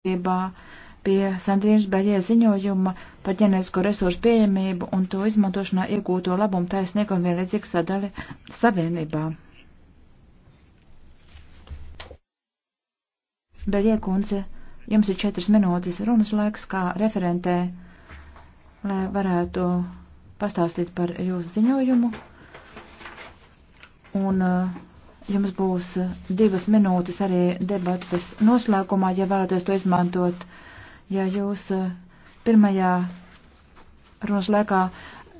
attiecībā pie Sandrīnas Beļie ziņojuma par ģenētisko resursu pieejamību un to izmantošanā iegūto labumu taisnieku un vienlīdzīgu sadali savienībā. Beļie kundze, jums ir četras minūtes runas laiks kā referentē, lai varētu pastāstīt par jūsu ziņojumu. Un uh, Jums būs eh, divas minūtes arī debatas noslēgumā, ja vēlaties to izmantot. Ja jūs eh, pirmajā runas laikā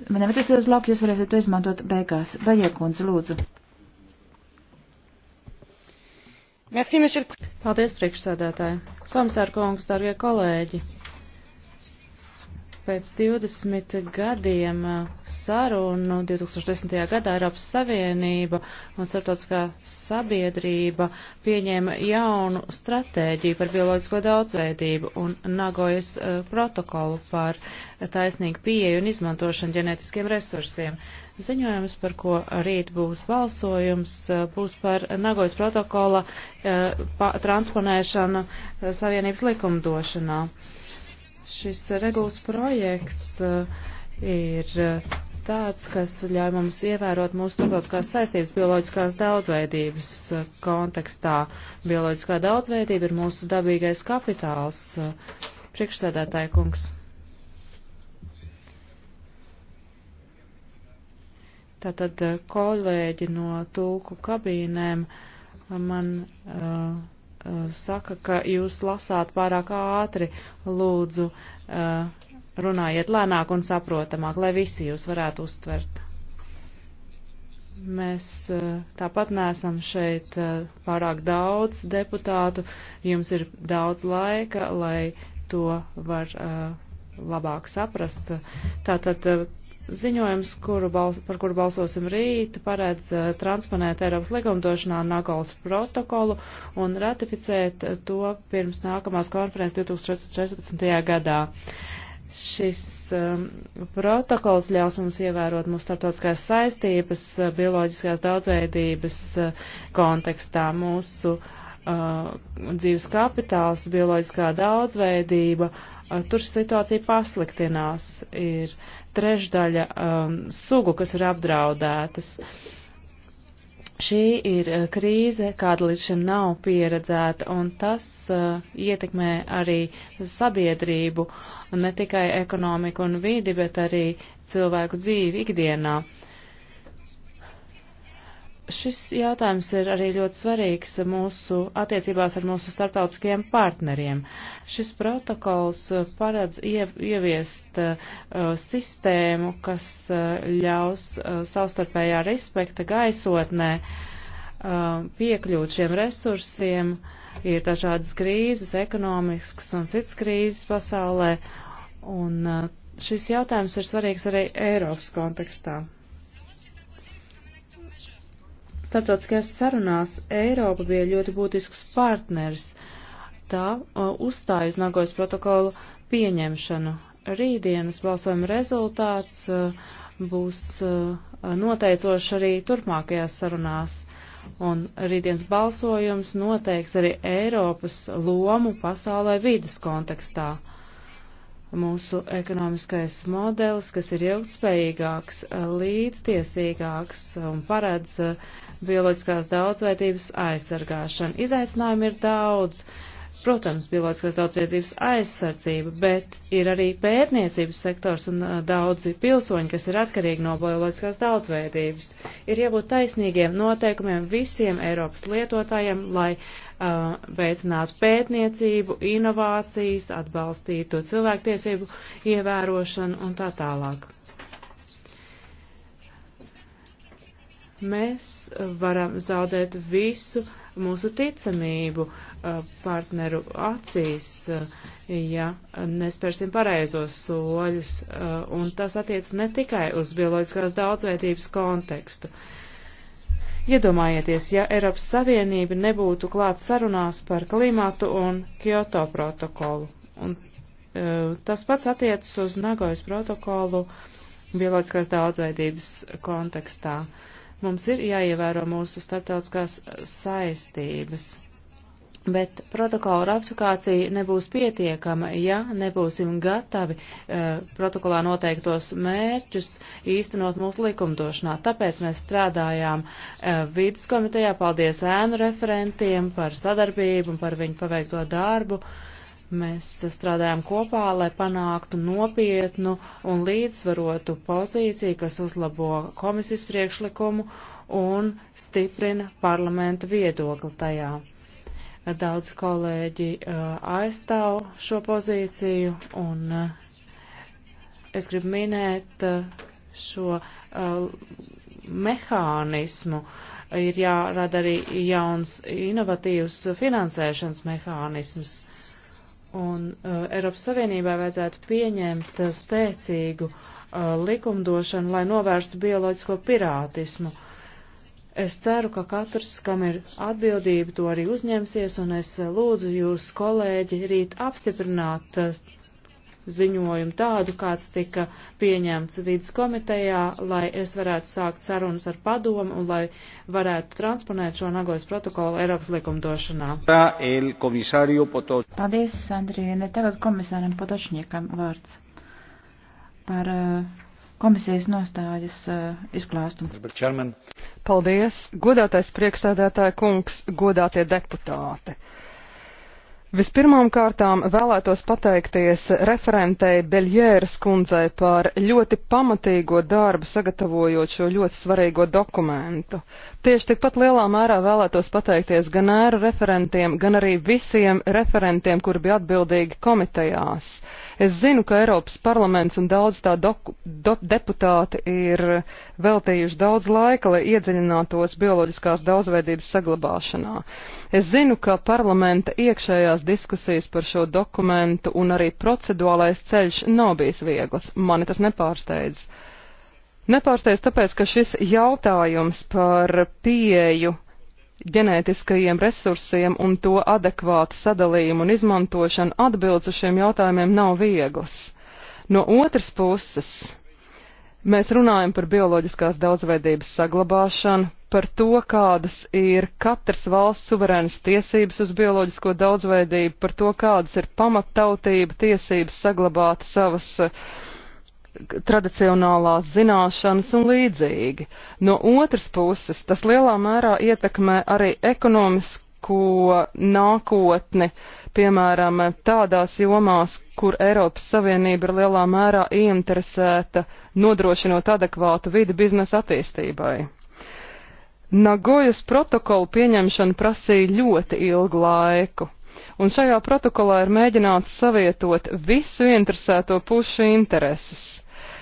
man neveicīsiet uz lapu, jūs varēsiet to izmantot beigās. Vajagkundze, lūdzu. Merci, Paldies, priekšsēdētāji. Komisāra kungs, darbie kolēģi. Pēc 20 gadiem sarunu 2010. gadā Eiropas Savienība un starptautiskā sabiedrība pieņēma jaunu stratēģiju par bioloģisko daudzveidību un Nagojas protokolu par taisnīgu pieeju un izmantošanu ģenētiskiem resursiem. Ziņojums, par ko rīt būs balsojums, būs par Nagojas protokola transponēšanu Savienības likumdošanā. Šis regulas projekts uh, ir uh, tāds, kas ļauj mums ievērot mūsu starptautiskās saistības bioloģiskās daudzveidības uh, kontekstā. Bioloģiskā daudzveidība ir mūsu dabīgais kapitāls. Priekšsēdētāja kungs. Tātad kolēģi no tulku kabīnēm man uh, Uh, saka, ka jūs lasāt pārāk ātri, lūdzu, uh, runājiet lēnāk un saprotamāk, lai visi jūs varētu uztvert. Mēs uh, tāpat nesam šeit pārāk daudz deputātu, jums ir daudz laika, lai to var labāk saprast. Tātad Ziņojums, kuru bals, par kuru balsosim rīt, paredz eh, transponēt Eiropas likumdošanā Nagols protokolu un ratificēt to pirms nākamās konferences 2014. gadā. Šis um, protokols ļaus mums ievērot mūsu starptautiskās saistības eh, bioloģiskās daudzveidības uh, kontekstā. Mūsu uh, dzīves kapitāls, bioloģiskā daudzveidība, uh, tur situācija pasliktinās. Ir, uh, trešdaļa um, sugu, kas ir apdraudētas. Šī ir uh, krīze, kāda līdz šim nav pieredzēta, un tas uh, ietekmē arī sabiedrību, ne tikai ekonomiku un vidi, bet arī cilvēku dzīvi ikdienā. Uh, Šis jautājums ir arī ļoti svarīgs mūsu attiecībās ar mūsu starptautiskajiem partneriem. Šis protokols uh, paredz ieviest uh, sistēmu, kas uh, ļaus uh, savstarpējā respekta gaisotnē uh, piekļūt šiem resursiem. Ir dažādas krīzes, ekonomiskas un citas krīzes pasaulē, un uh, šis jautājums ir svarīgs arī Eiropas kontekstā starptautiskajās sarunās Eiropa bija ļoti būtisks partners. Tā uh, uzstāja uz Nagojas protokolu pieņemšanu. Rītdienas balsojuma rezultāts uh, būs uh, noteicošs arī turpmākajās sarunās. Un rītdienas balsojums noteiks arī Eiropas lomu pasaulē vīdes kontekstā mūsu ekonomiskais modelis, kas ir ilgtspējīgāks, eh, līdztiesīgāks un paredz eh, bioloģiskās daudzveidības aizsargāšanu. Izaicinājumi ir daudz. Uh, Protams, bioloģiskās daudzvietības aizsardzība, bet ir arī pētniecības sektors un daudzi pilsoņi, kas ir atkarīgi no bioloģiskās daudzveidības. Ir jābūt taisnīgiem noteikumiem visiem Eiropas lietotājiem, lai uh, veicinātu pētniecību, inovācijas, atbalstītu cilvēktiesību ievērošanu un tā tālāk. Mēs varam zaudēt visu mūsu ticamību partneru acīs, ja nespērsim pareizos soļus, un tas attiec ne tikai uz bioloģiskās daudzveidības kontekstu. Iedomājieties, ja Eiropas Savienība nebūtu klāt sarunās par klimatu un Kyoto protokolu. Un, tas pats attiecas uz Nagojas protokolu bioloģiskās daudzveidības kontekstā. Uh, Mums ir jāievēro mūsu starptautiskās saistības. Bet protokola ratifikācija nebūs pietiekama, ja nebūsim gatavi eh, protokolā noteiktos mērķus īstenot mūsu likumdošanā. Tāpēc mēs strādājām eh, vidas komitejā, paldies ēnu referentiem par sadarbību un par viņu paveikto darbu. Eh, Mēs strādājam kopā, lai panāktu nopietnu un līdzsvarotu pozīciju, kas uzlabo komisijas priekšlikumu un stiprina parlamenta viedokli tajā. Daudz kolēģi uh, aizstāv šo pozīciju un uh, es gribu minēt uh, šo mehānismu. Ir jārada arī jauns inovatīvs finansēšanas mehānisms Un uh, Eiropas Savienībā vajadzētu pieņemt uh, spēcīgu uh, likumdošanu, lai novērstu bioloģisko pirātismu. Es ceru, ka katrs, kam ir atbildība, to arī uzņemsies, un es uh, lūdzu jūs, kolēģi, rīt apstiprināt uh, ziņojumu tādu, kāds tika pieņemts vidas komitejā, lai es varētu sākt sarunas ar padomu un lai varētu transponēt šo Nagojas protokolu Eiropas likumdošanā. Paldies, Sandrīne. Tagad komisāram Potočniekam vārds par uh, komisijas nostājas uh, izklāstumu. Paldies, godātais priekšsēdētāja kungs, godātie deputāti. Vispirmām kārtām vēlētos pateikties referentei Beļjēras kundzei par ļoti pamatīgo darbu sagatavojot šo ļoti svarīgo dokumentu. Tieši tikpat lielā mērā vēlētos pateikties gan ēru referentiem, gan arī visiem referentiem, kuri bija atbildīgi komitejās. Uh, Es zinu, ka Eiropas parlaments un daudz tā doku, do, deputāti ir veltījuši daudz laika, lai iedziļinātos bioloģiskās daudzveidības saglabāšanā. Es zinu, ka parlamenta iekšējās diskusijas par šo dokumentu un arī procedūlais ceļš nav bijis viegls. Mani tas nepārsteidz. Nepārsteidz tāpēc, ka šis jautājums par pieeju ģenētiskajiem resursiem un to adekvātu sadalījumu un izmantošanu atbildes uz šiem jautājumiem nav vieglas. No otras puses, mēs runājam par bioloģiskās daudzveidības saglabāšanu, par to, kādas ir katras valsts suverēnas tiesības uz bioloģisko daudzveidību, par to, kādas ir pamattautība tiesības saglabāt savas uh, tradicionālās zināšanas un līdzīgi. No otras puses, tas lielā mērā ietekmē arī ekonomisko nākotni, piemēram, tādās jomās, kur Eiropas Savienība ir lielā mērā ieinteresēta nodrošinot adekvātu vidi biznesa attīstībai. Nagojas protokola pieņemšana prasīja ļoti ilgu laiku, un šajā protokolā ir mēģināts savietot visu interesēto pušu intereses.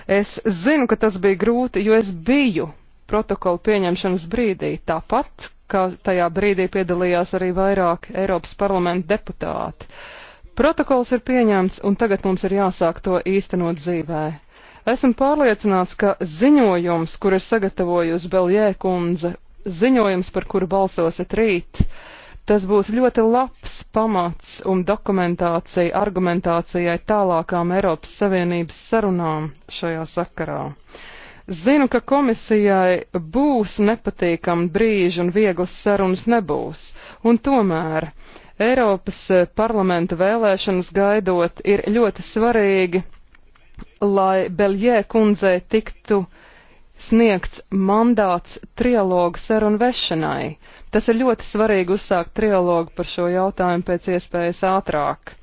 Es zinu, ka tas bija grūti, jo es biju protokolu pieņemšanas brīdī tāpat, kā tajā brīdī piedalījās arī vairāk Eiropas parlamenta deputāti. Protokols ir pieņemts, un tagad mums ir jāsāk to īstenot dzīvē. Esmu pārliecināts, ka ziņojums, kur ir sagatavojusi Beljē kundze, ziņojums, par kuru balsosiet rīt, uh, Tas būs ļoti labs pamats un dokumentācija argumentācijai tālākām Eiropas Savienības sarunām šajā sakarā. Zinu, ka komisijai būs nepatīkami brīži un vieglas sarunas nebūs, un tomēr Eiropas parlamenta vēlēšanas gaidot ir ļoti svarīgi, lai Beljē kundzei tiktu uh, sniegts mandāts trialogu sarunu vešanai. Tas ir ļoti svarīgi uzsākt trialogu par šo jautājumu pēc iespējas ātrāk.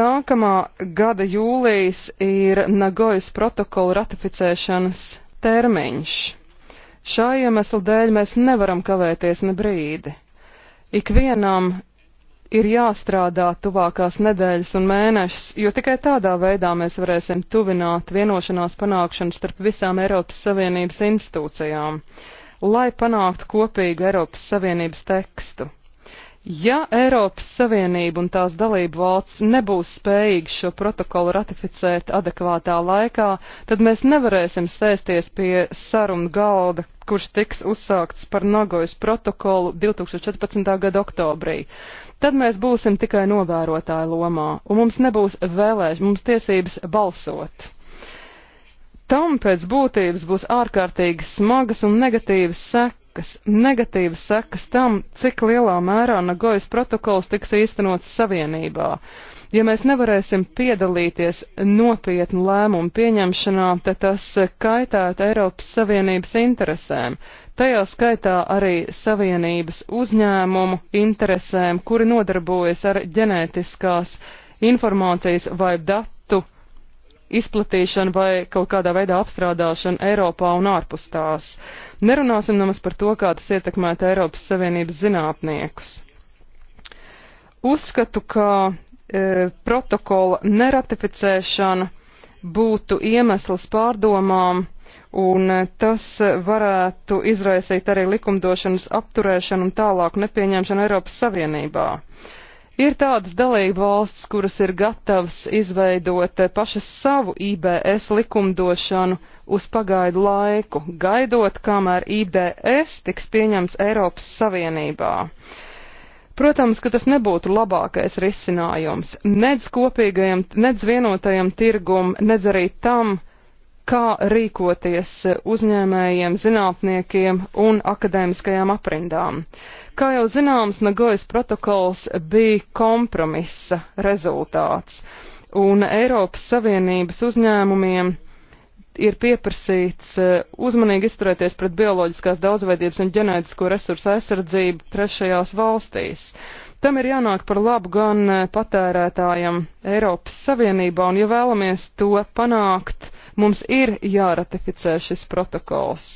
Nākamā gada jūlijas ir Nagojas protokola ratificēšanas termiņš. Šā iemesla dēļ mēs nevaram kavēties ne brīdi. Ikvienam ir jāstrādā tuvākās nedēļas un mēnešus, jo tikai tādā veidā mēs varēsim tuvināt vienošanās panākšanu starp visām Eiropas Savienības institūcijām, lai panāktu kopīgu Eiropas Savienības tekstu. Ja Eiropas Savienība un tās dalību valsts nebūs spējīgi šo protokolu ratificēt adekvātā laikā, tad mēs nevarēsim sēsties pie sarunu galda, kurš tiks uzsākts par Nagojas protokolu 2014. gada oktobrī tad mēs būsim tikai novērotāju lomā, un mums nebūs vēlēšana, mums tiesības balsot. Tam pēc būtības būs ārkārtīgi smagas un negatīvas sekas sekas, negatīvas sekas tam, cik lielā mērā Nagojas protokols tiks īstenots savienībā. Ja mēs nevarēsim piedalīties nopietnu lēmumu pieņemšanā, tad tas kaitētu Eiropas Savienības interesēm, tajā skaitā arī Savienības uzņēmumu interesēm, kuri nodarbojas ar ģenētiskās informācijas vai datu izplatīšanu vai kaut kādā veidā apstrādāšanu Eiropā un ārpus tās. Nerunāsim nemaz par to, kā tas ietekmētu Eiropas Savienības zinātniekus. Uzskatu, ka e, protokola neratificēšana būtu iemesls pārdomām, un e, tas varētu izraisīt arī likumdošanas apturēšanu un tālāku nepieņemšanu Eiropas Savienībā. Uh, Ir tādas dalība valsts, kuras ir gatavas izveidot eh, pašas savu IBS likumdošanu uz pagaidu laiku, gaidot, kamēr IBS tiks pieņemts Eiropas Savienībā. Protams, ka tas nebūtu labākais risinājums, nedz kopīgajam, nedz vienotajam tirgum, nedz arī tam, kā rīkoties uzņēmējiem, zinātniekiem un akadēmiskajām aprindām. Kā jau zināms, Nagojas protokols bija kompromisa rezultāts, un Eiropas Savienības uzņēmumiem ir pieprasīts eh, uzmanīgi izturēties pret bioloģiskās daudzveidības un ģenētisko resursu aizsardzību trešajās valstīs. Uh, Tam ir jānāk par labu gan e, patērētājam Eiropas Savienībā, un ja vēlamies to panākt, mums ir jāratificē šis protokols,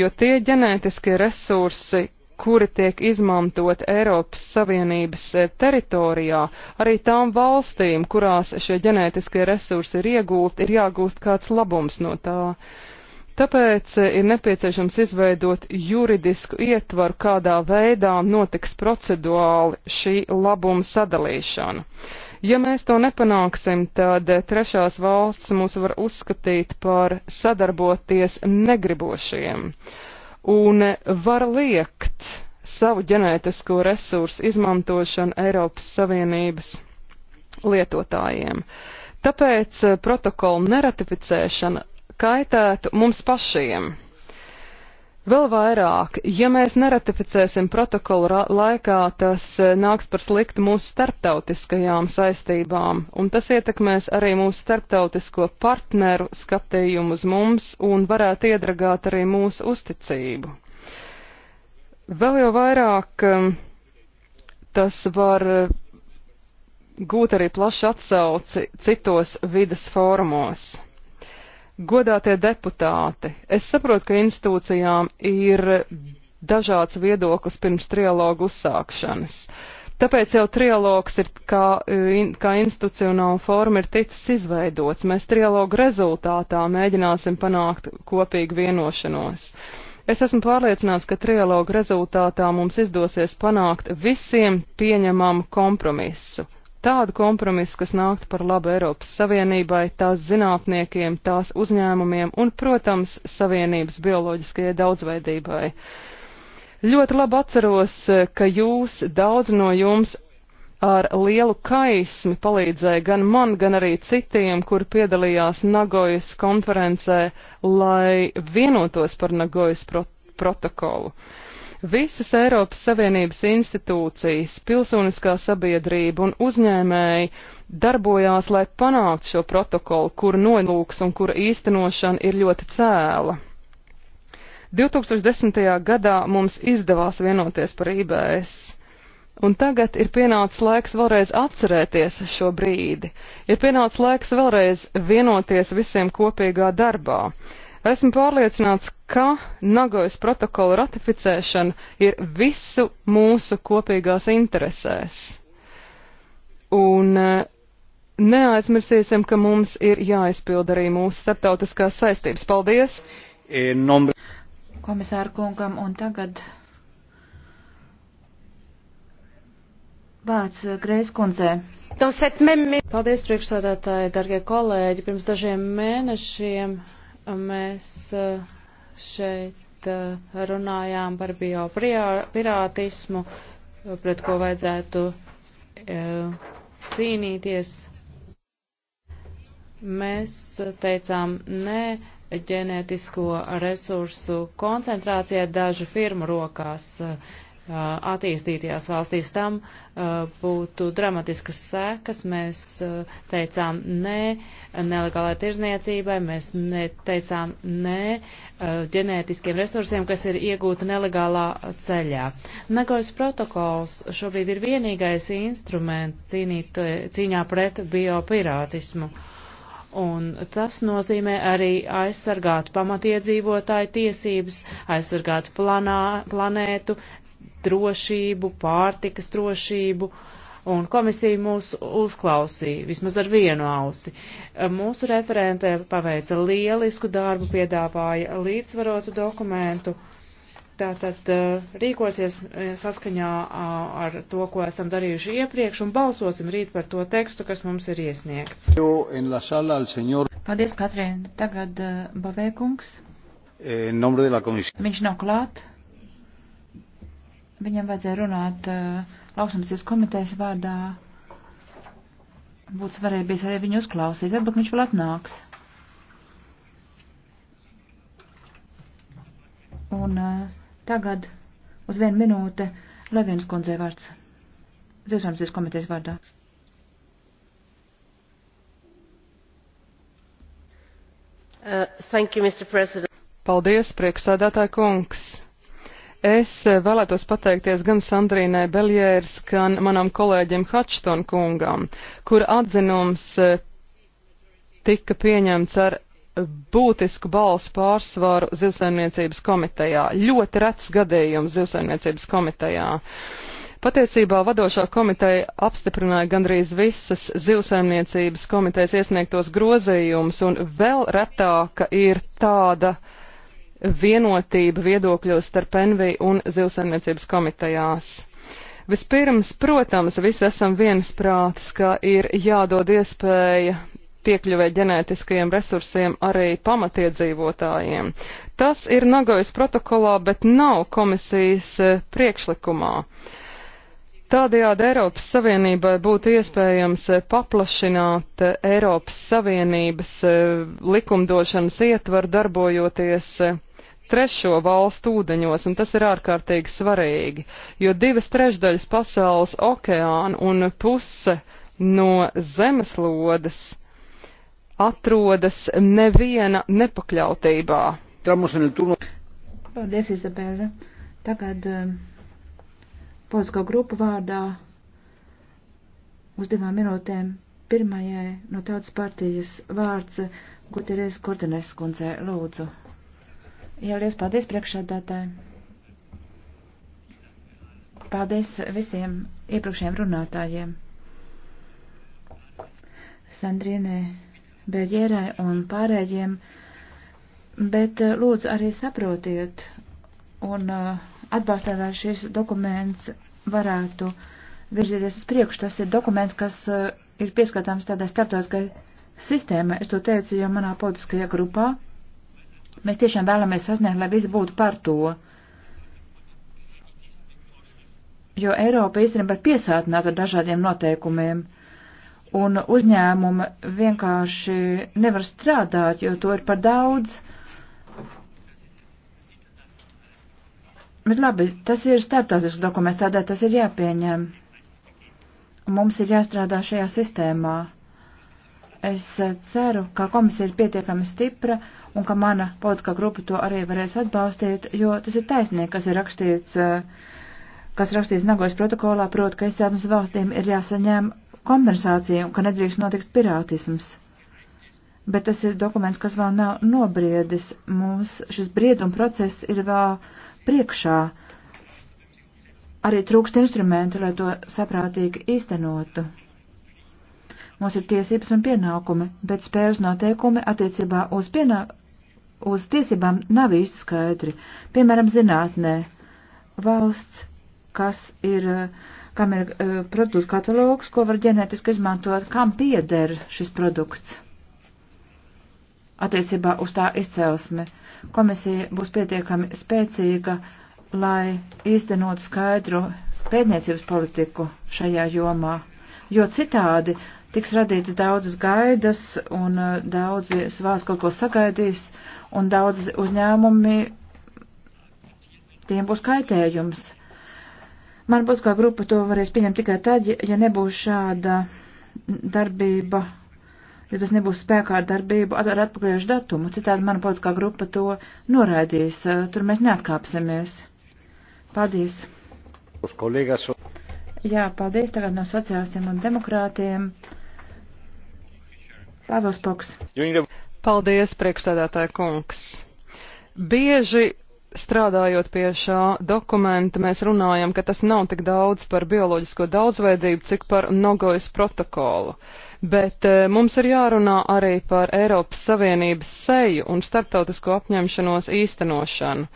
jo tie ģenētiskie resursi, kuri tiek izmantot Eiropas Savienības e, teritorijā, arī tām valstīm, kurās šie ģenētiskie resursi ir iegūti, ir jāgūst kāds labums no tā. Uh, Tāpēc eh, ir nepieciešams izveidot juridisku ietvaru, kādā veidā notiks procedūāli šī labuma sadalīšana. Ja mēs to nepanāksim, tad eh, trešās valsts mūs var uzskatīt par sadarboties negribošiem un eh, var liekt savu ģenētisko resursu izmantošanu Eiropas Savienības lietotājiem. Tāpēc protokola neratificēšana kaitētu mums pašiem. Vēl vairāk, ja mēs neratificēsim protokolu laikā, tas eh, nāks par sliktu mūsu starptautiskajām saistībām, un tas ietekmēs arī mūsu starptautisko partneru skatījumu uz mums un varētu iedragāt arī mūsu uzticību. Vēl jau vairāk eh, tas var eh, gūt arī plašu atsauci citos vidas fórumos. Godātie deputāti, es saprotu, ka institūcijām ir dažāds viedoklis pirms trialogu uzsākšanas. Tāpēc jau trialogs ir kā, kā institucionāla forma ir ticis izveidots. Mēs trialogu rezultātā mēģināsim panākt kopīgu vienošanos. Es esmu pārliecināts, ka trialogu rezultātā mums izdosies panākt visiem pieņemamu kompromisu tādu kompromisu, kas nāktu par labu Eiropas Savienībai, tās zinātniekiem, tās uzņēmumiem un, protams, Savienības bioloģiskajai daudzveidībai. Ļoti labi atceros, ka jūs, daudz no jums, ar lielu kaismi palīdzēja gan man, gan arī citiem, kuri piedalījās Nagojas konferencē, lai vienotos par Nagojas prot protokolu. Uh, Visas Eiropas Savienības institūcijas, pilsoniskā sabiedrība un uzņēmēji darbojās, lai panāktu šo protokolu, kura nolūks un kura īstenošana ir ļoti cēla. 2010. gadā mums izdevās vienoties par IBS. Un tagad ir pienācis laiks vēlreiz atcerēties šo brīdi. Ir pienācis laiks vēlreiz vienoties visiem kopīgā darbā. Esmu pārliecināts, ka Nagojas protokola ratificēšana ir visu mūsu kopīgās interesēs. Un e, neaizmirsīsim, ka mums ir jāizpild arī mūsu starptautiskās saistības. Paldies! E, Komisāra kungam un tagad vārds e, Grēs kundzei. Paldies priekšsādātāji, dargie kolēģi, pirms dažiem mēnešiem mēs eh, šeit eh, runājām par biopirātismu, pret ko vajadzētu eh, cīnīties. Mēs teicām nē ģenētisko resursu koncentrācijai dažu firmu rokās. Uh, Uh, attīstītajās valstīs tam uh, būtu dramatiskas sēkas. Mēs uh, teicām nē nelegālai tirzniecībai, mēs ne, teicām nē ģenētiskiem resursiem, kas ir iegūti nelegālā ceļā. Nagojas protokols šobrīd ir vienīgais instruments cīnīt, cīņā pret biopirātismu. Un tas nozīmē arī aizsargāt pamatiedzīvotāju tiesības, aizsargāt planā, planētu, drošību, pārtikas drošību, un komisija mūs uzklausīja vismaz ar vienu ausi. Mūsu referente paveica lielisku darbu, piedāvāja līdzsvarotu dokumentu. Tātad eh, rīkosies eh, saskaņā ar to, ko esam darījuši iepriekš, un balsosim rīt par to tekstu, kas mums ir iesniegts. Paldies, Katrīna. Tagad eh, Bavēkungs. Viņš nav klāt. Viņam vajadzēja runāt uh, eh, lauksamības komitejas vārdā. Būtu svarīgi bijis arī viņu uzklausīt, varbūt viņš vēl atnāks. Un uh, tagad uz vienu minūte Levienas kundzei vārds. Zivsamības komitejas vārdā. Uh, you, Paldies, priekšsādātāja kungs! Es eh, vēlētos pateikties gan Sandrīnai Beljērs, gan manam kolēģim Hačton kungam, kura atzinums eh, tika pieņemts ar būtisku balsu pārsvaru zivsaimniecības komitejā. Ļoti rets gadījums zivsaimniecības komitejā. Patiesībā vadošā komiteja apstiprināja gandrīz visas zivsaimniecības komitejas iesniegtos grozījumus, un vēl retāka ir tāda uh, vienotība viedokļos starp NV un zivsaimniecības komitejās. Vispirms, protams, visi esam viensprātis, ka ir jādod iespēja piekļuvē ģenētiskajiem resursiem arī pamatiedzīvotājiem. Tas ir Nagojas protokolā, bet nav komisijas eh, priekšlikumā. Tādējādi Eiropas Savienībai būtu iespējams eh, paplašināt eh, Eiropas Savienības likumdošanas ietvaru darbojoties trešo valstu ūdeņos, un tas ir ārkārtīgi svarīgi, jo divas trešdaļas pasaules okeāna un puse no zemeslodes atrodas neviena nepakļautībā. Paldies, Izabela. Tagad um, politisko grupu vārdā uz divām minūtēm pirmajai no tautas partijas vārds Guterres Kortenes kundzei lūdzu. Jā, liels paldies priekšsēdētāji. Paldies visiem iepriekšējiem runātājiem. Sandrīnē, Beļģērai un pārējiem. Bet eh, lūdzu arī saprotiet un eh, atbalstāt, lai šis dokuments varētu virzīties uz priekšu. Tas ir dokuments, kas eh, ir pieskatāms tādā starptautiskai sistēmai. Es to teicu jau manā politiskajā grupā. Mēs tiešām vēlamies sasniegt, lai visi būtu par to. Jo Eiropa īstenībā ir piesātināta ar dažādiem noteikumiem, un uzņēmumi vienkārši nevar strādāt, jo to ir par daudz. Bet labi, tas ir starptautisks dokuments, tādēļ tas ir jāpieņem. Mums ir jāstrādā šajā sistēmā. Es eh, ceru, ka komisija ir pietiekami stipra un ka mana politiskā grupa to arī varēs atbalstīt, jo tas ir taisnīgi, kas ir rakstīts, eh, kas rakstīts Nagojas protokolā, proti, ka Islāmas valstīm ir jāsaņem kompensācija un ka nedrīkst notikt pirātisms. Bet tas ir dokuments, kas vēl nav nobriedis. Mums šis brieduma process ir vēl priekšā. Arī trūkst instrumenti, lai to saprātīgi īstenotu. Mums ir tiesības un pienākumi, bet spējas noteikumi attiecībā uz, pienā... uz tiesībām nav īsti skaidri. Piemēram, zinātnē valsts, kas ir, kam ir uh, produktu katalogs, ko var ģenētiski izmantot, kam pieder šis produkts attiecībā uz tā izcelsmi. Komisija būs pietiekami spēcīga, lai īstenotu skaidru pētniecības politiku šajā jomā, jo citādi tiks radītas daudzas gaidas un uh, daudzi svās kaut ko sagaidīs un daudz uzņēmumi tiem būs kaitējums. Man būs kā grupa to varēs pieņemt tikai tad, ja nebūs šāda darbība, ja tas nebūs spēkā ar darbību ar atpakaļšu datumu. Citādi mana politiskā grupa to noraidīs. Uh, tur mēs neatkāpsimies. Paldies! Uz kolēgas. Jā, paldies tagad no sociālistiem un demokrātiem. Pāvils Poks. Paldies, priekšstādātāja kungs. Bieži strādājot pie šā dokumenta, mēs runājam, ka tas nav tik daudz par bioloģisko daudzveidību, cik par Nogojas protokolu. Uh, bet eh, mums ir jārunā arī par Eiropas Savienības seju un starptautisko apņemšanos īstenošanu,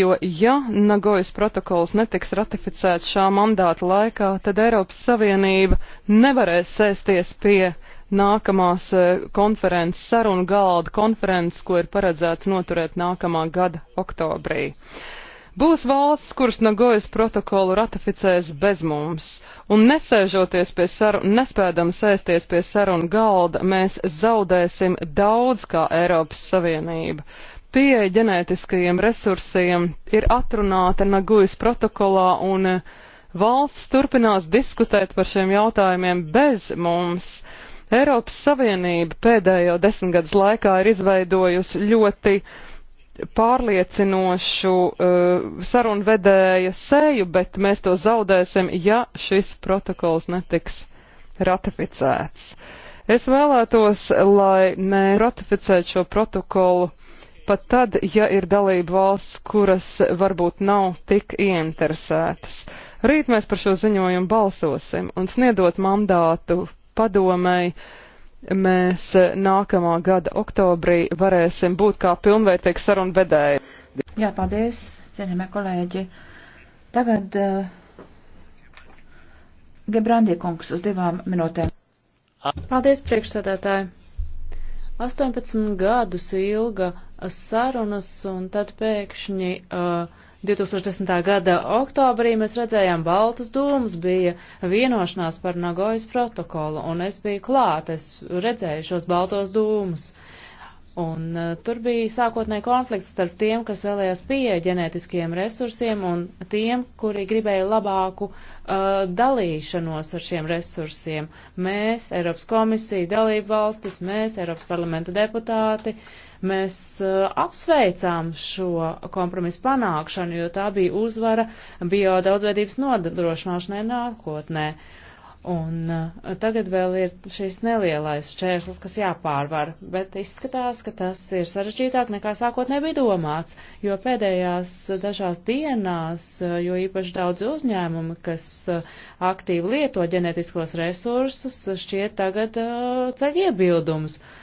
jo ja Nagojas protokols netiks ratificēts šā mandāta laikā, tad Eiropas Savienība nevarēs sēsties pie nākamās eh, konferences, sarunu galda konferences, ko ir paredzēts noturēt nākamā gada oktobrī. Būs valsts, kuras Nagojas protokolu ratificēs bez mums, un nesēžoties pie sarunu, nespēdam sēsties pie sarunu galda, mēs zaudēsim daudz kā Eiropas Savienība pieeja ģenētiskajiem resursiem ir atrunāta Nagujas protokolā un eh, valsts turpinās diskutēt par šiem jautājumiem bez mums. Eiropas Savienība pēdējo desmitgadus laikā ir izveidojusi ļoti uh, pārliecinošu uh, sarunvedēja seju, bet mēs to zaudēsim, ja šis protokols netiks ratificēts. Es vēlētos, lai neratificētu šo protokolu pat tad, ja ir dalība valsts, kuras varbūt nav tik ieinteresētas. Rīt mēs par šo ziņojumu balsosim un sniedot mandātu padomēji mēs e, nākamā gada oktobrī varēsim būt kā pilnvērtīgi sarunu vedēji. Jā, paldies, cienījamie kolēģi. Tagad uh, e, Gebrandī kungs uz divām minūtēm. Paldies, priekšsēdētāji. 18 gadus ilga sarunas un tad pēkšņi. Uh, 2010. gada oktobrī mēs redzējām Baltus dūmus, bija vienošanās par Nagojas protokolu, un es biju klāt, es redzēju šos Baltos dūmus. Un uh, tur bija sākotnēji konflikts starp tiem, kas vēlējās pieeja ģenētiskiem resursiem, un tiem, kuri gribēja labāku uh, dalīšanos ar šiem resursiem. Mēs, Eiropas komisija, dalību valstis, mēs, Eiropas parlamenta deputāti, uh, Mēs uh, apsveicām šo kompromisu panākšanu, jo tā bija uzvara bio daudzveidības nodrošināšanai nākotnē. Un uh, tagad vēl ir šīs nelielais šķērslis, kas jāpārvar, bet izskatās, ka tas ir sarežģītāk nekā sākotnē bija domāts, jo pēdējās dažās dienās, uh, jo īpaši daudz uzņēmumi, kas uh, aktīvi lieto ģenetiskos resursus, šķiet tagad uh, ceļ iebildumus. Uh,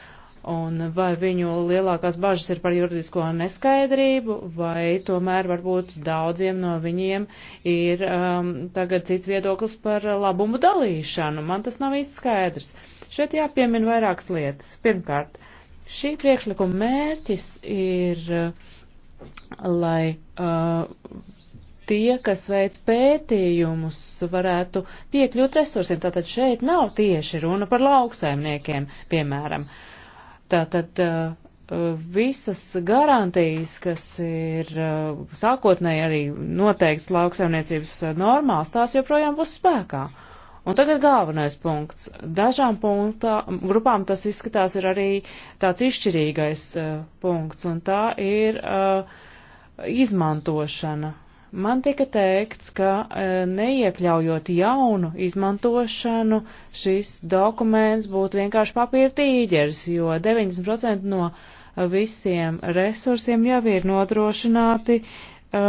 Un vai viņu lielākās bažas ir par juridisko neskaidrību, vai tomēr varbūt daudziem no viņiem ir um, tagad cits viedoklis par labumu dalīšanu? Man tas nav īsti skaidrs. Šeit jāpiemina vairākas lietas. Pirmkārt, šī priekšlikuma mērķis ir, uh, lai. Uh, tie, kas veic pētījumus, varētu piekļūt resursiem. Tātad šeit nav tieši runa par lauksaimniekiem, piemēram. Uh, Tātad visas garantijas, kas ir sākotnēji arī noteikts lauksaimniecības normās, tās joprojām būs spēkā. Un tagad galvenais punkts. Dažām punktā, grupām tas izskatās ir arī tāds izšķirīgais uh, punkts, un tā ir uh, izmantošana. Man tika teikts, ka e, neiekļaujot jaunu izmantošanu, šis dokuments būtu vienkārši papīra tīģeris, jo 90% no e, visiem resursiem jau ir nodrošināti uh,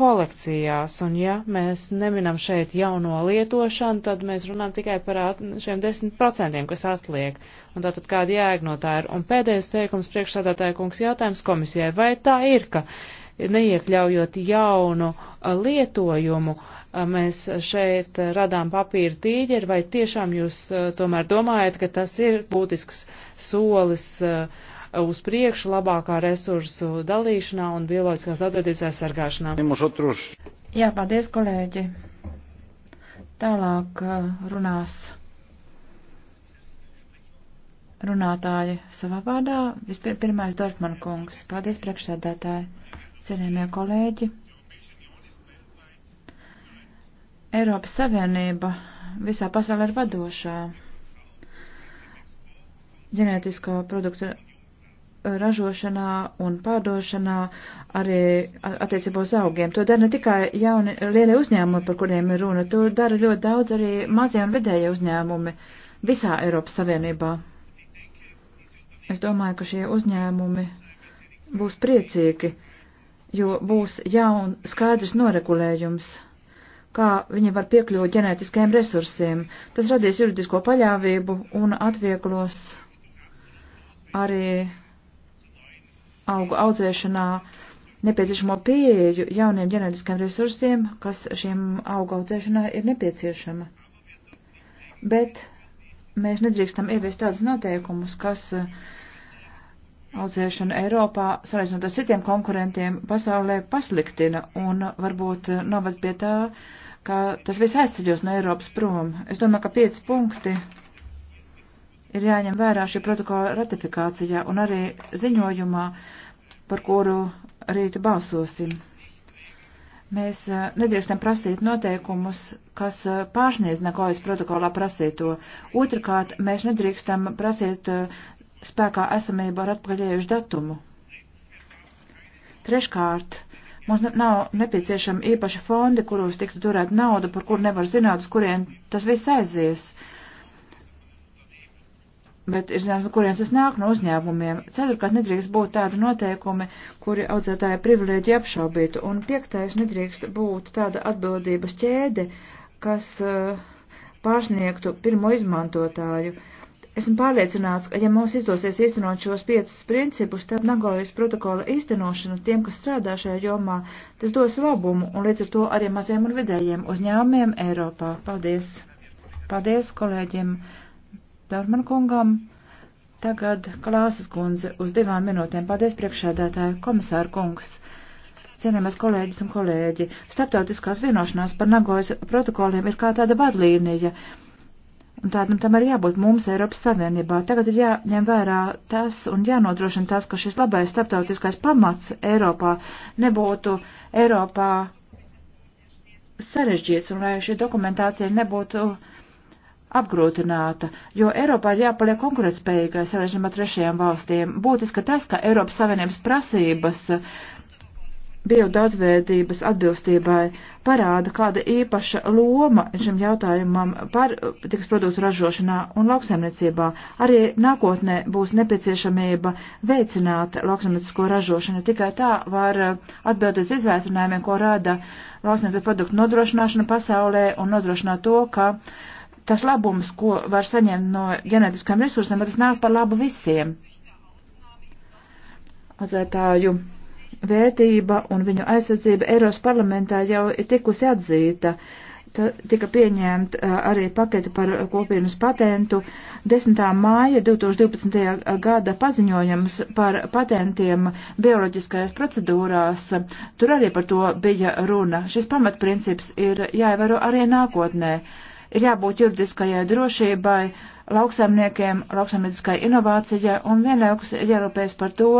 kolekcijās, un ja mēs neminam šeit jauno lietošanu, tad mēs runājam tikai par šiem 10%, kas atliek, un tātad kāda jēga no tā ir. Un pēdējais teikums priekšsādātāja kungs jautājums komisijai, vai tā ir, ka uh, neiekļaujot jaunu lietojumu. Mēs šeit radām papīra tīģeri, vai tiešām jūs tomēr domājat, ka tas ir būtisks solis uz priekšu labākā resursu dalīšanā un bioloģiskās daudzveidības aizsargāšanā? Jā, paldies, kolēģi. Tālāk runās runātāji savā vārdā. Vispirms, Dortman kungs. Paldies, priekšsēdētāji cienījamie kolēģi. Eiropas Savienība visā pasaulē ir vadošā ģenētisko produktu ražošanā un pārdošanā arī attiecībā uz augiem. To dara ne tikai jauni lielie uzņēmumi, par kuriem ir runa, to dara ļoti daudz arī mazie un vidējie uzņēmumi visā Eiropas Savienībā. Es domāju, ka šie uzņēmumi būs priecīgi, jo būs jaun skaidrs noregulējums, kā viņi var piekļūt ģenētiskajiem resursiem. Tas radīs juridisko paļāvību un atvieglos arī augu audzēšanā nepieciešamo pieeju jauniem ģenētiskiem resursiem, kas šiem augu audzēšanā ir nepieciešama. Bet mēs nedrīkstam ieviest tādus noteikumus, kas uh, audzēšana Eiropā, salīdzinot ar citiem konkurentiem, pasaulē pasliktina un varbūt novad pie tā, ka tas viss aizceļos no Eiropas prom. Es domāju, ka pieci punkti ir jāņem vērā šī protokola ratifikācijā un arī ziņojumā, par kuru rīt balsosim. Mēs eh, nedrīkstam prasīt noteikumus, kas eh, pārsniedz Nagojas protokolā prasīto. Otrakārt, mēs nedrīkstam prasīt eh, spēkā esamību ar atpakaļējušu datumu. Treškārt, mums nav nepieciešama īpaša fondi, kuros tiktu turēt nauda, par kur nevar zināt, uz kurien tas viss aizies. Bet ir zināms, no kurienes tas nāk no uzņēmumiem. Ceturkārt, nedrīkst būt tādi noteikumi, kuri audzētāja privilēģi apšaubītu. Un piektais, nedrīkst būt tāda atbildības ķēde, kas uh, pārsniegtu pirmo izmantotāju. Uh, Esmu pārliecināts, ka ja mums izdosies īstenot šos piecus principus, tad Nagojas protokola īstenošana tiem, kas strādā šajā jomā, tas dos labumu un līdz ar to arī maziem un vidējiem uzņēmumiem Eiropā. Paldies! Paldies kolēģiem Darman kungam! Tagad Klāsas kundze uz divām minūtēm. Paldies priekšēdētāju komisāru kungs! cienījamies kolēģis un kolēģi, starptautiskās vienošanās par Nagojas protokoliem ir kā tāda vadlīnija, Un tādam nu, tam arī jābūt mums Eiropas Savienībā. Tagad ir jāņem vērā tas un jānodrošina tas, ka šis labais starptautiskais pamats Eiropā nebūtu Eiropā sarežģīts un lai šī dokumentācija nebūtu apgrūtināta, jo Eiropā ir jāpaliek konkurētspējīgai sarežģījumā trešajām valstīm. Būtiski tas, ka Eiropas Savienības prasības biodaudzveidības atbilstībai parāda, kāda īpaša loma šim jautājumam par tiks produktu ražošanā un lauksaimniecībā. Arī nākotnē būs nepieciešamība veicināt lauksaimniecisko ražošanu. Tikai tā var atbildēt izvērtinājumiem, ko rāda lauksaimniecības produktu nodrošināšana pasaulē un nodrošināt to, ka tas labums, ko var saņemt no ģenētiskām resursiem, tas nāk par labu visiem. Atzētāju vērtība un viņu aizsardzība Eiros parlamentā jau ir tikusi atzīta. Ta, tika pieņemta uh, arī pakete par kopienas patentu. 10. māja 2012. gada paziņojums par patentiem bioloģiskajās procedūrās. Tur arī par to bija runa. Šis pamatprincips ir jāievēro arī nākotnē. Ir jābūt juridiskajai drošībai, lauksaimniekiem, lauksaimnieciskai inovācijai un vienlaikus ir jārūpēs par to,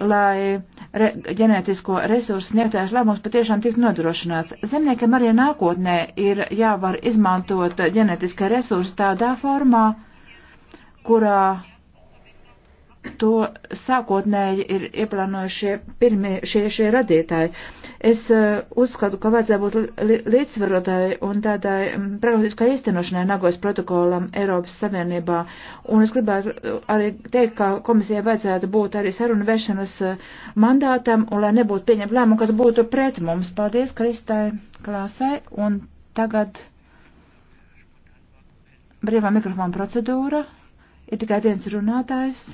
lai re, ģenētisko resursu sniegtais labums patiešām tiktu nodrošināts. Zemniekiem arī nākotnē ir jāvar izmantot ģenētiskie resursi tādā formā, kurā to sākotnēji ir ieplānojušie pirmie šie, šie radītāji. Es uh, uzskatu, ka vajadzētu būt li līdzsvarotai un tādai mm, praktiskai īstenošanai Nagojas protokolam Eiropas Savienībā. Un es gribētu eh, arī teikt, ka komisijai vajadzētu būt arī sarunu vešanas eh, mandātam un lai nebūtu pieņemt lēmumu, kas būtu pret mums. Paldies Kristai Klāsai. Un tagad brīvā mikrofona procedūra. Ir tikai viens runātājs.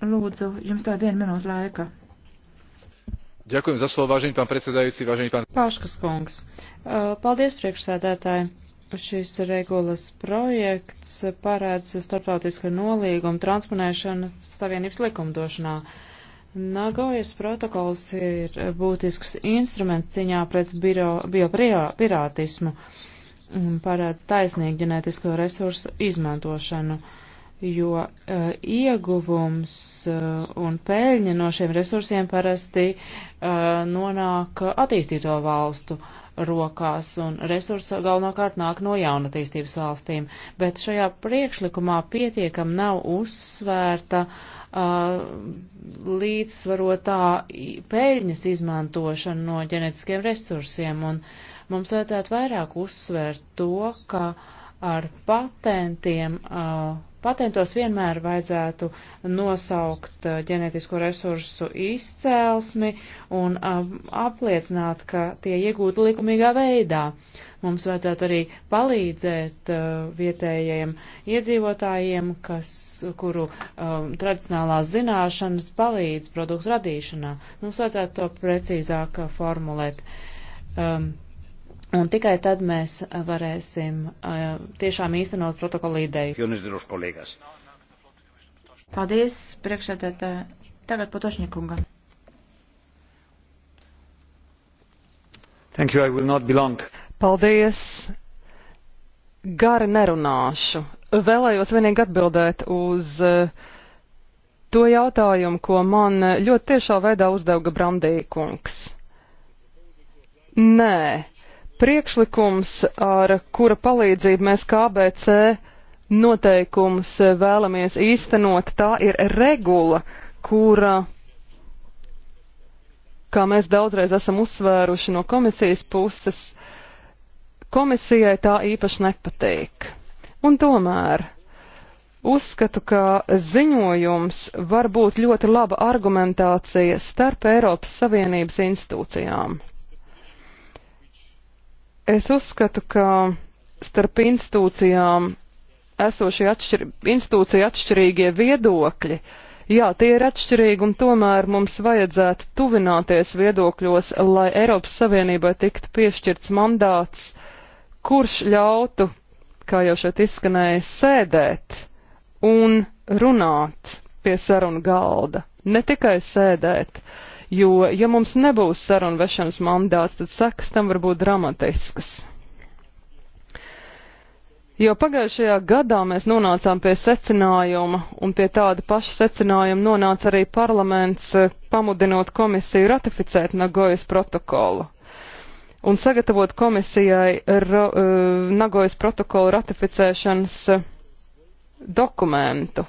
Lūdzu, jums tā viena minūte laika. Ďakujem za slovo, vážený pán predsedajúci, vážený pán... Paškas kungs. Paldies, priekšsēdētāji. Šis regulas projekts parāds starptautiska nolīguma transponēšana Savienības likumdošanā. Nagojas protokols ir būtisks instruments ciņā pret biopirātismu un parāds taisnīgu ģenētisko resursu izmantošanu. Uh, jo uh, ieguvums uh, un pēļņa no šiem resursiem parasti uh, nonāk attīstīto valstu rokās, un resursi galvenokārt nāk no jaunatīstības valstīm. Bet šajā priekšlikumā pietiekam nav uzsvērta uh, līdzsvarotā pēļņas izmantošana no ģenetiskiem resursiem, un mums vajadzētu vairāk uzsvērt to, ka ar patentiem uh, Patentos vienmēr vajadzētu nosaukt eh, ģenētisko resursu izcēlsmi un eh, apliecināt, ka tie iegūti likumīgā veidā. Mums vajadzētu arī palīdzēt eh, vietējiem iedzīvotājiem, kas, kuru um, tradicionālās zināšanas palīdz produktu radīšanā. Mums vajadzētu to precīzāk formulēt. Um, Un tikai tad mēs varēsim uh, tiešām īstenot protokolu ideju. Paldies, priekšsēdētāji. Tagad Potošņikunga. Thank you, I will not be long. Paldies. Gari nerunāšu. Vēlējos vienīgi atbildēt uz uh, to jautājumu, ko man ļoti tiešā veidā uzdeva Brandīkungs. Nē, Priekšlikums, ar kura palīdzību mēs KBC noteikums eh, vēlamies īstenot, tā ir regula, kura, kā mēs daudzreiz esam uzsvēruši no komisijas puses, komisijai tā īpaši nepatīk. Un tomēr uzskatu, ka ziņojums var būt ļoti laba argumentācija starp Eiropas Savienības institūcijām. Es uzskatu, ka starp institūcijām esošie atšķir, institūcija atšķirīgie viedokļi, jā, tie ir atšķirīgi un tomēr mums vajadzētu tuvināties viedokļos, lai Eiropas Savienībai tiktu piešķirts mandāts, kurš ļautu, kā jau šeit izskanēja, sēdēt un runāt pie sarunu galda, ne tikai sēdēt. Uh, jo, ja mums nebūs sarunu vešanas mandāts, tad sekas tam var būt dramatiskas. Jau pagājušajā gadā mēs nonācām pie secinājuma, un pie tāda paša secinājuma nonāca arī parlaments, eh, pamudinot komisiju ratificēt Nagojas protokolu. Un sagatavot komisijai ra, uh, eh, Nagojas protokolu ratificēšanas eh, dokumentu.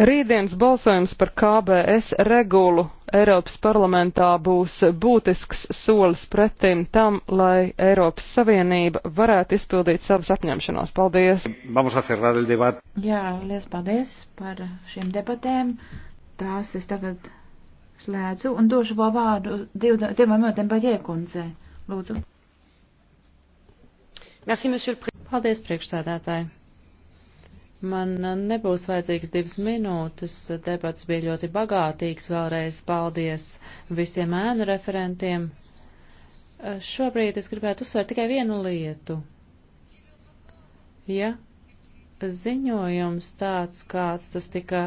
Rītdienas balsojums par KBS regulu Eiropas parlamentā būs būtisks solis pretim tam, lai Eiropas Savienība varētu izpildīt savas apņemšanās. Paldies! Jā, liels paldies par šiem debatēm. Tās es tagad slēdzu un došu vēl vārdu divām minūtēm Baģēkundzei. Lūdzu. Merci, Paldies, priekšsēdētāji! Man nebūs vajadzīgas divas minūtes. Debats bija ļoti bagātīgs. Vēlreiz paldies visiem ēnu referentiem. Šobrīd es gribētu uzsvērt tikai vienu lietu. Ja ziņojums tāds, kāds tas tika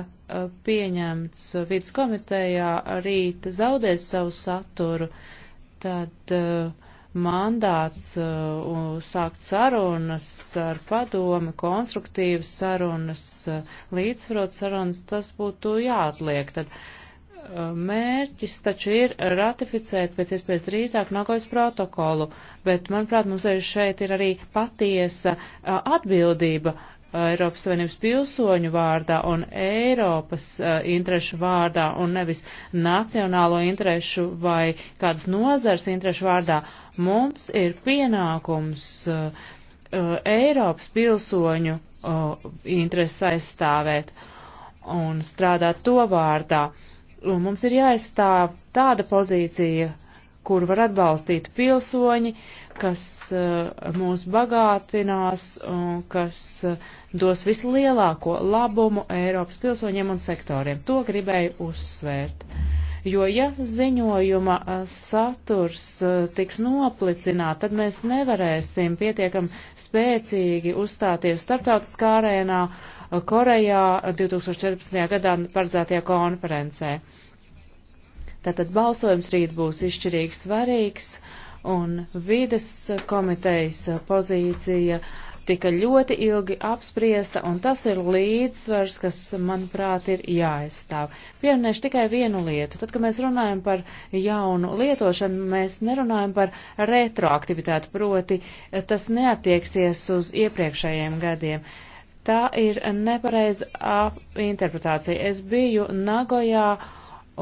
pieņemts vidas komitejā, rīt zaudēs savu saturu, tad uh, mandāts uh, sākt sarunas ar padomi, konstruktīvas sarunas, uh, līdzsvarot sarunas, tas būtu jāatliek. Tad uh, mērķis taču ir ratificēt pēc iespējas drīzāk nākojas protokolu, bet, manuprāt, mums arī šeit ir arī patiesa uh, atbildība Eiropas Savienības pilsoņu vārdā un Eiropas uh, interešu vārdā un nevis nacionālo interešu vai kādas nozars interešu vārdā. Mums ir pienākums uh, uh, Eiropas pilsoņu uh, intereses aizstāvēt un strādāt to vārdā. Un mums ir jāizstāv tāda pozīcija, kur var atbalstīt pilsoņi, uh, kas eh, mūs bagātinās un kas eh, dos vislielāko labumu Eiropas pilsoņiem un sektoriem. To gribēju uzsvērt. Jo, ja ziņojuma eh, saturs tiks noplicināt, tad mēs nevarēsim pietiekam spēcīgi uzstāties starptautiskā arēnā Korejā 2014. gadā paredzētajā konferencē. Tātad balsojums rīt būs izšķirīgs svarīgs. Uh, un vides komitejas pozīcija tika ļoti ilgi apspriesta, un tas ir līdzsvars, kas, manuprāt, ir jāaizstāv. Pieminēšu tikai vienu lietu. Tad, kad mēs runājam par jaunu lietošanu, mēs nerunājam par retroaktivitāti, proti tas neatieksies uz iepriekšējiem gadiem. Tā ir nepareiza interpretācija. Es biju Nagojā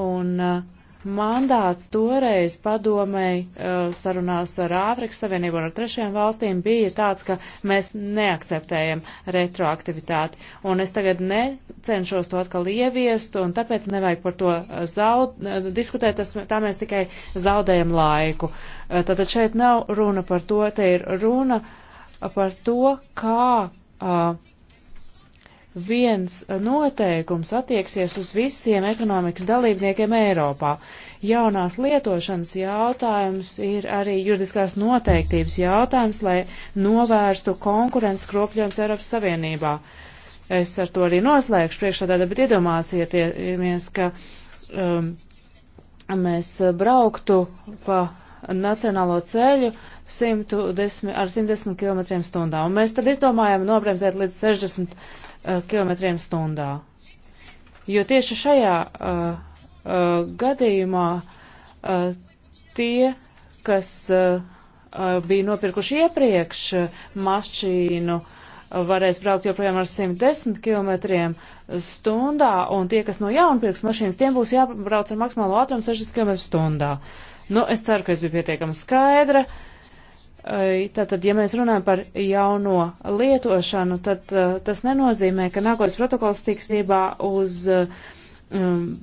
un uh, mandāts toreiz padomēji uh, sarunās ar Āfrikas Savienību un ar trešajām valstīm bija tāds, ka mēs neakceptējam retroaktivitāti. Un es tagad necenšos to atkal ieviest, un tāpēc nevajag par to uh, zaud, uh, diskutēt, tas, tā mēs tikai zaudējam laiku. Tātad šeit nav runa par to, te ir runa par to, kā. Uh, viens noteikums attieksies uz visiem ekonomikas dalībniekiem Eiropā. Jaunās lietošanas jautājums ir arī juridiskās noteiktības jautājums, lai novērstu konkurences kropļojums Eiropas Savienībā. Es ar to arī noslēgšu priekšādādā, bet iedomāsieties, ka um, mēs brauktu pa nacionālo ceļu, uh, 110, ar 110 km stundā. Un mēs tad izdomājām nobremzēt līdz 60 eh, km stundā. Jo tieši šajā uh, uh, gadījumā uh, tie, kas uh, uh, bija nopirkuši iepriekš uh, mašīnu, uh, varēs braukt joprojām ar 110 km stundā, un tie, kas no jauna pirks mašīnas, tiem būs jābrauc ar maksimālo ātrumu 60 km stundā. Nu, es ceru, ka es biju pietiekami skaidra. Uh, Tātad, ja mēs runājam par jauno lietošanu, tad eh, tas nenozīmē, ka nākotnes protokols tiks tiebā uz eh, um,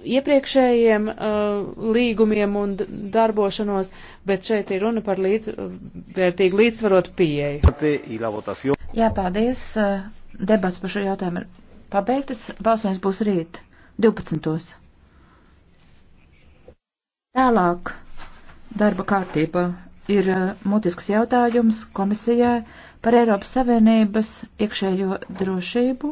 iepriekšējiem uh, līgumiem un darbošanos, bet šeit ir runa par līdz, vērtīgu līdzsvarotu pieeju. Jā, paldies. Debats par šo jautājumu ir pabeigtas. Balsojums būs rīt 12. Tālāk darba kārtība ir eh, mutisks jautājums komisijai par Eiropas Savienības iekšējo drošību.